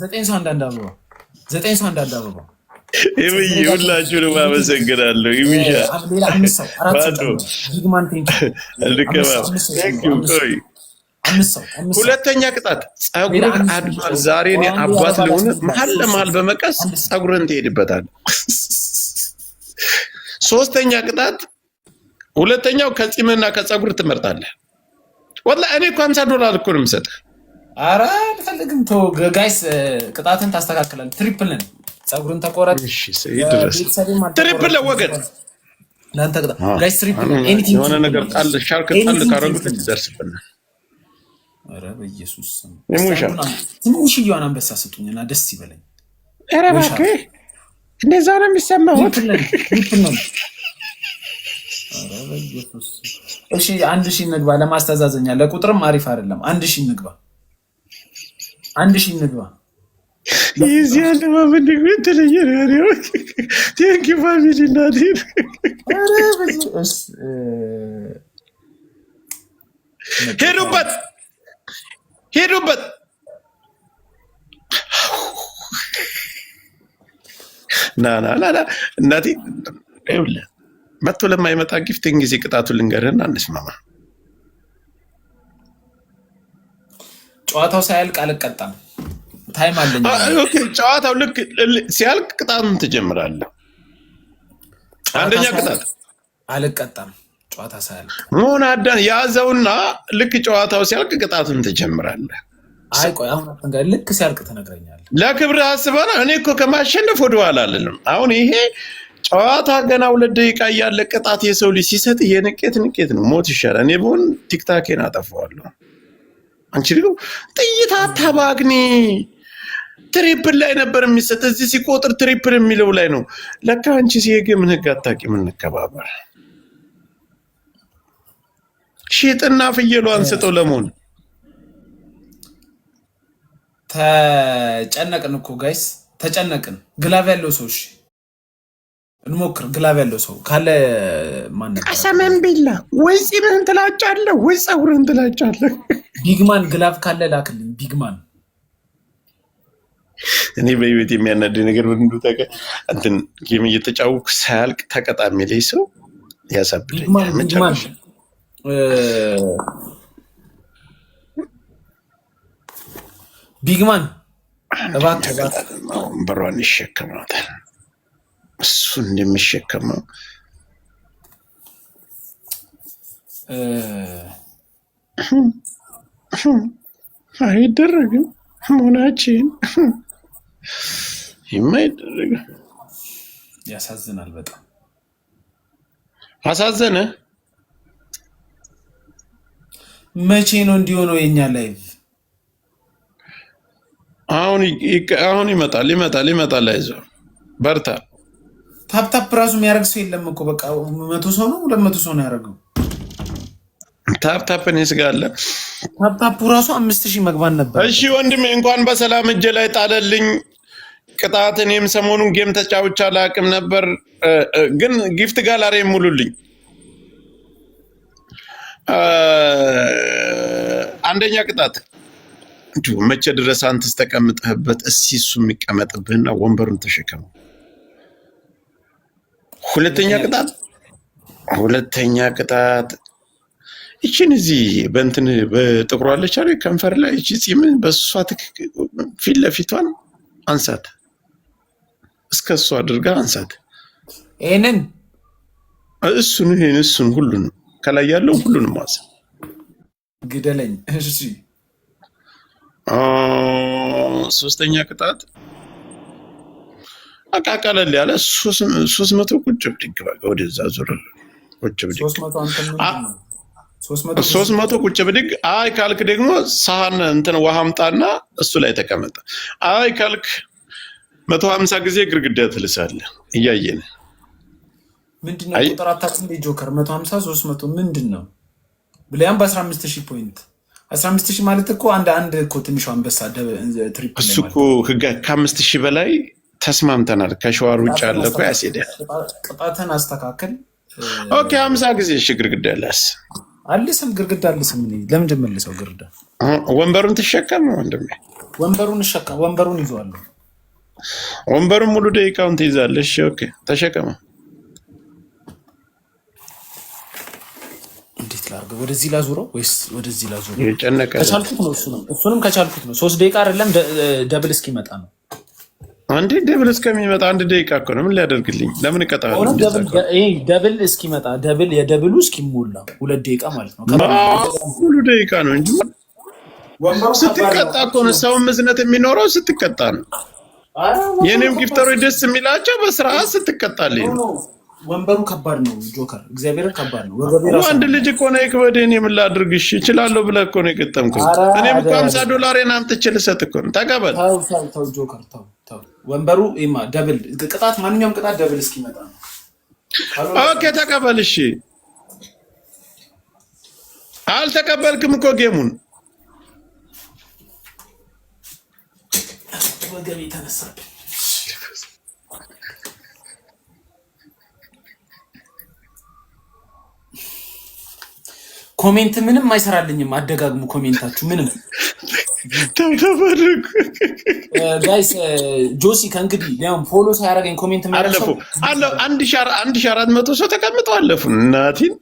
ዘጠኝ ሰው አንዳንድ አበባ ዘጠኝ ሰው አንዳንድ አበባ ይብይ ሁላችሁንም አመሰግናለሁ። ይብሻ ሁለተኛ ቅጣት ጸጉር አድጓል። ዛሬ እኔ አባት ለሆነ መሀል ለመሀል በመቀስ ጸጉርን ትሄድበታል። ሶስተኛ ቅጣት ሁለተኛው ከፂምና ከጸጉር ትመርጣለህ። ወላሂ እኔ እኮ ሀምሳ ዶላር እኮ ነው የምሰጥህ አረ አልፈልግም። ቶ ጋይስ ቅጣትን ታስተካክላል። ትሪፕልን ፀጉርን ተቆረጥ። ወገን ነገር ሻርክ ደስ ይበለኝ። እባክህ እንደዛ ነው የሚሰማሁት። እሺ አንድ ሺህ ንግባ ለማስተዛዘኛ ለቁጥርም አሪፍ አይደለም። አንድ ሺህ ንግባ አንድ ሺህ እንግባ። የዚህ አለባበስ ደግሞ የተለየ ነው። ቴንኪ ፋሚሊ እናቴ ሄዱበት ሄዱበት ናናናና እናቴ መጥቶ ለማይመጣ ጊፍትን ጊዜ ቅጣቱ ልንገርህና እንስማማ። ጨዋታው ሳያልቅ አልቀጣም። ታይም አለኝ። ጨዋታው ልክ ሲያልቅ ቅጣቱን ትጀምራለህ። አንደኛ ቅጣት አልቀጣም። ጨዋታ ሳያልቅ መሆን አዳን ያዘውና ልክ ጨዋታው ሲያልቅ ቅጣቱን ትጀምራለህ። ልክ ሲያልቅ ትነግረኛለህ። ለክብር አስበና እኔ እኮ ከማሸነፍ ወደኋላ አልልም። አሁን ይሄ ጨዋታ ገና ሁለት ደቂቃ እያለ ቅጣት የሰው ልጅ ሲሰጥ የንቄት ንቄት ነው። ሞት ይሻላል። እኔ በሆን ቲክታኬን አጠፋዋለሁ። አንቺ ደግሞ ጥይት አታባግኒ። ትሪፕል ላይ ነበር የሚሰጥ እዚህ ሲቆጥር ትሪፕል የሚለው ላይ ነው ለካ። አንቺ ሲሄግ ምን ህግ አታቂ ምንከባበር ሽጥና ፍየሉ አንስጠው ለመሆን ተጨነቅን እኮ ጋይስ፣ ተጨነቅን ግላቭ ያለው ሰው እንሞክር ግላብ ያለው ሰው ካለ ማን ቀሰመን ቢላ ወይ ፂምህን ትላጫለ ወይ ፀጉርህን ትላጫለህ። ቢግማን ግላብ ካለ ላክልኝ። ቢግማን እኔ በህይወት የሚያናደኝ ነገር ምንድን እንትን ጌም እየተጫወኩ ሳያልቅ ተቀጣሚ ላይ ሰው ያሳብደኛል። ቢግማን እባክህ በሯን ይሸከማታል። እሱ እንደሚሸከመው አይደረግም። ሆናችን የማይደረግም ያሳዝናል። በጣም አሳዘነ። መቼ ነው እንዲሆነው የኛ ላይቭ? አሁን ይመጣል፣ ይመጣል፣ ይመጣል። አይዞህ በርታ። ታፕታፕ ራሱ የሚያደርግ ሰው የለም እኮ በቃ መቶ ሰው ነው ሁለት መቶ ሰው ነው ያደረገው። ታፕታፕ እኔ ስጋ አለ ታፕታፑ ራሱ አምስት ሺህ መግባት ነበር። እሺ ወንድሜ እንኳን በሰላም እጄ ላይ ጣለልኝ ቅጣት። እኔም ሰሞኑን ጌም ተጫውቻ አላቅም ነበር፣ ግን ጊፍት ጋላሪ ሙሉልኝ። አንደኛ ቅጣት እንዲሁ መቼ ድረስ አንተስ ተቀምጠህበት፣ እስኪ እሱ የሚቀመጥብህና ወንበሩን ተሸከመው። ሁለተኛ ቅጣት ሁለተኛ ቅጣት ይችን እዚህ በእንትን በጥቁሯ አለች አሉ ከንፈር ላይ እቺ ፂምን በእሷ ፊት ለፊቷን አንሳት፣ እስከ እሱ አድርጋ አንሳት። ይህንን እሱን ይህን እሱን ሁሉን ከላይ ያለው ሁሉን ማዘ ግደለኝ። ሶስተኛ ቅጣት በቃ ቀለል ያለ ሶስት መቶ ቁጭ ብድግ በቃ ወደዛ ዙር ቁጭ ብድግ ሶስት መቶ ቁጭ ብድግ። አይ ካልክ ደግሞ ሳህን እንትን ውሃ አምጣና እሱ ላይ ተቀመጠ። አይ ካልክ መቶ ሀምሳ ጊዜ ግርግዳ ትልሳለ እያየን ምንድን ነው ቁጥር ጆከር መቶ ሀምሳ ሶስት መቶ ምንድን ነው ብለያም በአስራ አምስት ሺህ ፖይንት አስራ አምስት ሺህ ማለት እኮ አንድ አንድ እኮ ትንሿ አንበሳ ትሪፕ እሱ እኮ ከአምስት ሺህ በላይ ተስማምተናል። ከሸዋር ውጭ ያለ እኮ ያስሄዳል። ቅጣትን አስተካከል። ኦኬ ሀምሳ ጊዜ እሺ። ግርግዳ ላስ አልስም ግርግዳ አልስም። ለምንድን መልሰው ግርግዳ ወንበሩን ትሸከም ወንድሜ፣ ወንበሩን እሸከም። ወንበሩን ይዘዋለሁ። ወንበሩን ሙሉ ደቂቃውን ትይዛለሽ። ኦኬ ተሸከመ። እንዴት ላርገ? ወደዚህ ላዙረው ወይስ ወደዚህ ላዙረው? የጨነቀ ከቻልኩት ነው። እሱንም፣ እሱንም ከቻልኩት ነው። ሶስት ደቂቃ አይደለም ደብል እስኪመጣ ነው አንድ ደብል እስከሚመጣ አንድ ደቂቃ እኮ ነው። ምን ሊያደርግልኝ? ለምን እቀጣለሁ? ደብል እስኪመጣ ደብል የደብሉ እስኪሞላ ሁለት ደቂቃ ማለት ነው። ሙሉ ደቂቃ ነው እንጂ ስትቀጣ እኮ ነው ሰውን ምዝነት የሚኖረው ስትቀጣ ነው። የእኔም ጊፍተሮች ደስ የሚላቸው በስርዓት ስትቀጣልኝ ነው። ወንበሩ ከባድ ነው ጆከር፣ እግዚአብሔር ከባድ ነው። አንድ ልጅ እኮ ነው የክበደ እኔ ምን ላድርግ? እሺ እችላለሁ ብለህ እኮ ነው የገጠምኩት። እኔም እኮ ሀምሳ ዶላር ናምጥችል ሰጥ እኮ ነው ተቀበል። ተው ጆከር ተው ወንበሩ ደብል ቅጣት፣ ማንኛውም ቅጣት ደብል እስኪመጣ ነው። ኦኬ ተቀበል። እሺ አልተቀበልክም እኮ ጌሙን ወገብ የተነሳብኝ ኮሜንት ምንም አይሰራልኝም። አደጋግሙ ኮሜንታችሁ ምንም ጋይስ ጆሲ ከእንግዲህ ሊያውም ፎሎ ሳያደርገኝ ኮሜንት አለፉ አንድ ሺህ አራት መቶ ሰው ተቀምጦ አለፉ። እናቲን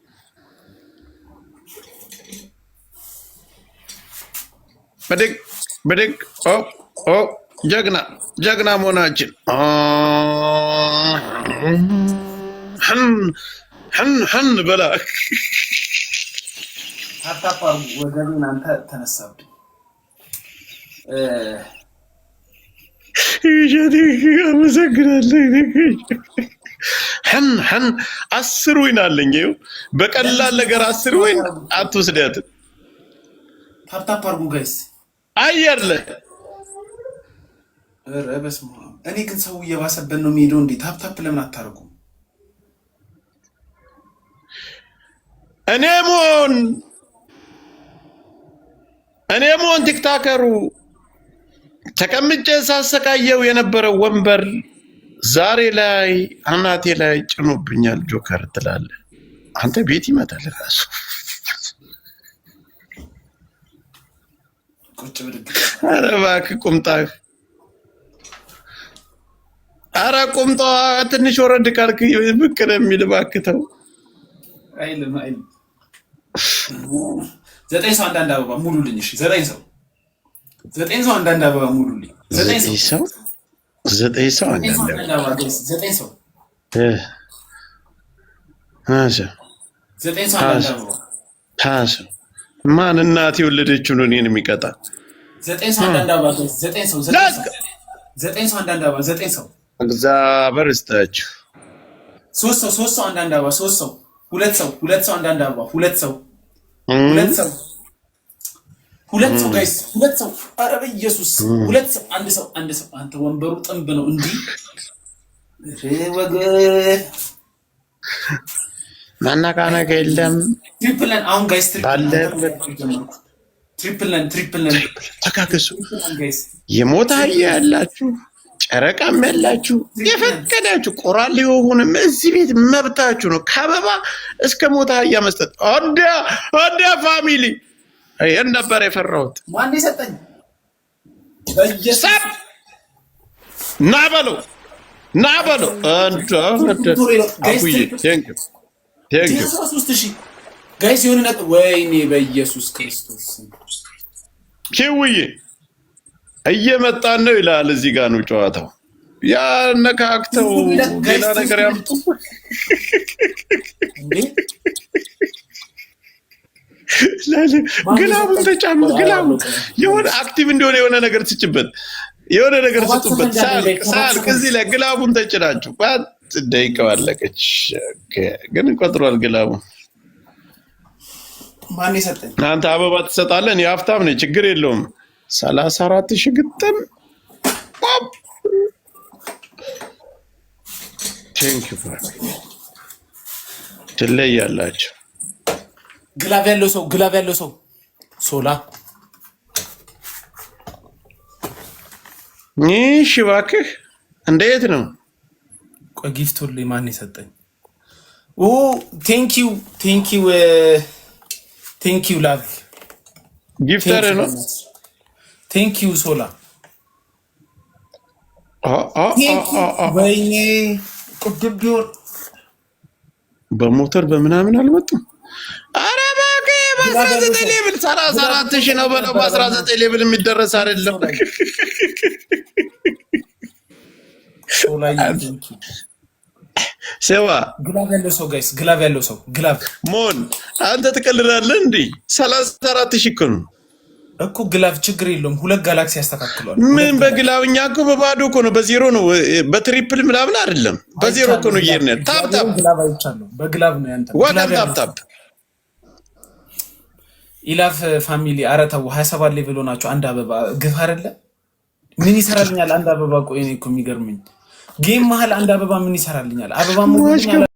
በደግ በደግ ጀግና ጀግና መሆናችን ን በላ ታታፓሩ ወገብን አንተ ተነሳብኝ አመሰግናለሁ። ሐን አስር ወይን አለኝ። ይኸው በቀላል ነገር አስር ወይን አትወስዳት። ታፕታፕ አድርጉ ጋይስ። አያለ ኧረ እኔ ግን ሰው እየባሰበት ነው የሚሄደው። እንዴ ታፕታፕ ለምን አታደርጉም? እኔ መሆን እኔ መሆን ቲክታከሩ ተቀምጬ ሳሰቃየው የነበረው ወንበር ዛሬ ላይ አናቴ ላይ ጭኖብኛል። ጆከር ትላለ አንተ ቤት ይመጣል ራሱ ኧረ እባክህ ቁምጣህ ኧረ ቁምጣዋ ትንሽ ወረድ ካልክ ብቅ ነው የሚል እባክህ ተው። ዘጠኝ ሰው አንዳንድ አበባ ሙሉልኝ ዘጠኝ ሰው ዘጠኝ ሰው አንዳንድ አበባ ሙሉልኝ። ዘጠኝ ሰው ዘጠኝ ሰው አንዳንድ አበባ ዘጠኝ ሰው ማን እናት የወለደችው ነው እኔን የሚቀጣ? ሰው ሰው እግዚአብሔር ይስጣችሁ። ሶስት ሰው ሶስት ሰው አንዳንድ አበባ ሶስት ሰው ሁለት ሰው ሁለት ሰው አንዳንድ አበባ ሁለት ሰው ሁለት ሰው ሁለት ሰው ጋይስ፣ ሁለት ሰው ኧረ በኢየሱስ ሁለት ሰው፣ አንድ ሰው፣ አንድ ሰው። አንተ ወንበሩ ጥንብ ነው እንጂ መነቃነቅ የለም። ትሪፕልን አሁን ጋይስ፣ ትሪፕልን ትሪፕልን ተካከሱ። የሞት አህያ ያላችሁ፣ ጨረቃም ያላችሁ፣ የፈቀዳችሁ ቆራል የሆንም እዚህ ቤት መብታችሁ ነው። ከአበባ እስከ ሞት አህያ መስጠት። ወዲያ ወዲያ ፋሚሊ ይህን ነበር የፈራሁት። ማን ና በለው ና በለው ጋይስ ነጥ በኢየሱስ ክርስቶስ ኪውዬ እየመጣን ነው ይላል። እዚህ ጋር ነው ጨዋታው። ያነካክተው ሌላ ነገር ያምጡ ግላቡን ተጫም ግላቡ የሆነ አክቲቭ እንደሆነ የሆነ ነገር ትችበት የሆነ ነገር ስጡበት። ሳልቅ ሳልቅ እዚህ ላይ ግላቡን ተጭናችሁ ባት ደቂቃው አለቀች። ግን ቆጥሯል። ግላቡን አንተ አበባ ትሰጣለን። የሀብታም ነኝ ችግር የለውም። ሰላሳ አራት ሺህ ግጥም ትለያላቸው ግላቭ ያለው ሰው ግላቭ ያለው ሰው ሶላ ይህ እባክህ እንዴት ነው? ቆይ ሁሉ ማን የሰጠኝ? ቴንኪው ቴንኪው ቴንኪው ላቭ ጊፍተር ነው። ቴንኪው ሶላ ወይኔ ቅድም ቢሆን በሞተር በምናምን አልመጡም። አረ በ19 ሌብል ሰላሳ ሺህ ነው በለው። በ19 ሌብል የሚደረስ አይደለም። ሴዋ ግላብ ያለው ሰው ጋይስ፣ ግላብ ያለው ሰው ግላብ ሞን፣ አንተ ትቀልዳለህ። እንዲህ ሰላሳ አራት ሺህ እኮ ነው እኮ ግላብ፣ ችግር የለውም። ሁለት ጋላክሲ ያስተካክሏል። ምን በግላብ እኛ እኮ በባዶ እኮ ነው፣ በዜሮ ነው፣ በትሪፕል ምናምን አይደለም። በዜሮ እኮ ነው። ይሄን ታፕ ታፕ ግላብ አይቻለሁ። በግላብ ነው ያንተ ዋጋ ታፕ ታፕ ኢላፍ ፋሚሊ ኧረ ተው፣ ሀያ ሰባት ሌቭል ሆናችሁ አንድ አበባ ግፍ አይደለ ምን ይሰራልኛል? አንድ አበባ ቆይ እኔ እኮ የሚገርምኝ ጌም መሀል አንድ አበባ ምን ይሰራልኛል? አበባ